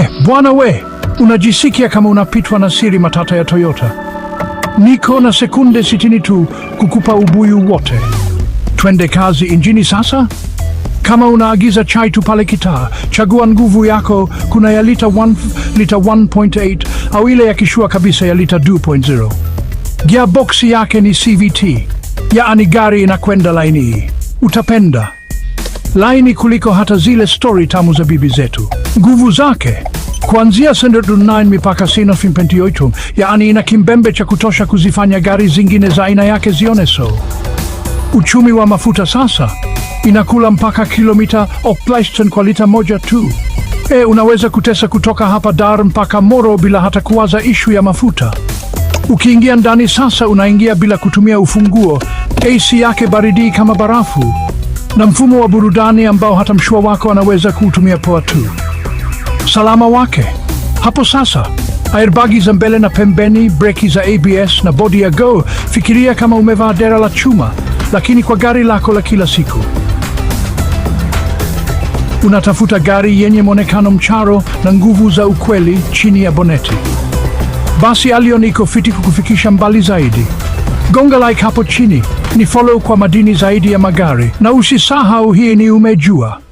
Eh, bwana we, unajisikia kama unapitwa na siri matata ya Toyota. Niko na sekunde sitini tu kukupa ubuyu wote. Twende kazi injini sasa. Kama unaagiza chai tu pale kitaa, chagua nguvu yako. Kuna ya lita 1, lita 1.8 au ile ya kishua kabisa ya lita 2.0. Gearbox yake ni CVT, yaani gari inakwenda laini. Utapenda laini kuliko hata zile stori tamu za bibi zetu. Nguvu zake kuanzia 9 mipaka Sinopharm Pentioitum, yaani ina kimbembe cha kutosha kuzifanya gari zingine za aina yake zione so. Uchumi wa mafuta sasa inakula mpaka kilomita oplaston kwa lita moja tu. E, unaweza kutesa kutoka hapa Dar mpaka Moro bila hata kuwaza ishu ya mafuta. Ukiingia ndani sasa, unaingia bila kutumia ufunguo. AC yake baridi kama barafu na mfumo wa burudani ambao hata mshua wako anaweza kuutumia poa tu. Salama wake hapo sasa, airbagi za mbele na pembeni, breki za ABS na bodi ya go. Fikiria kama umevaa dera la chuma, lakini kwa gari lako la kila siku. Unatafuta gari yenye mwonekano mcharo na nguvu za ukweli chini ya boneti. Basi Allion iko fiti kukufikisha mbali zaidi gonga like hapo chini, ni follow kwa madini zaidi ya magari, na usisahau hii ni Umejua.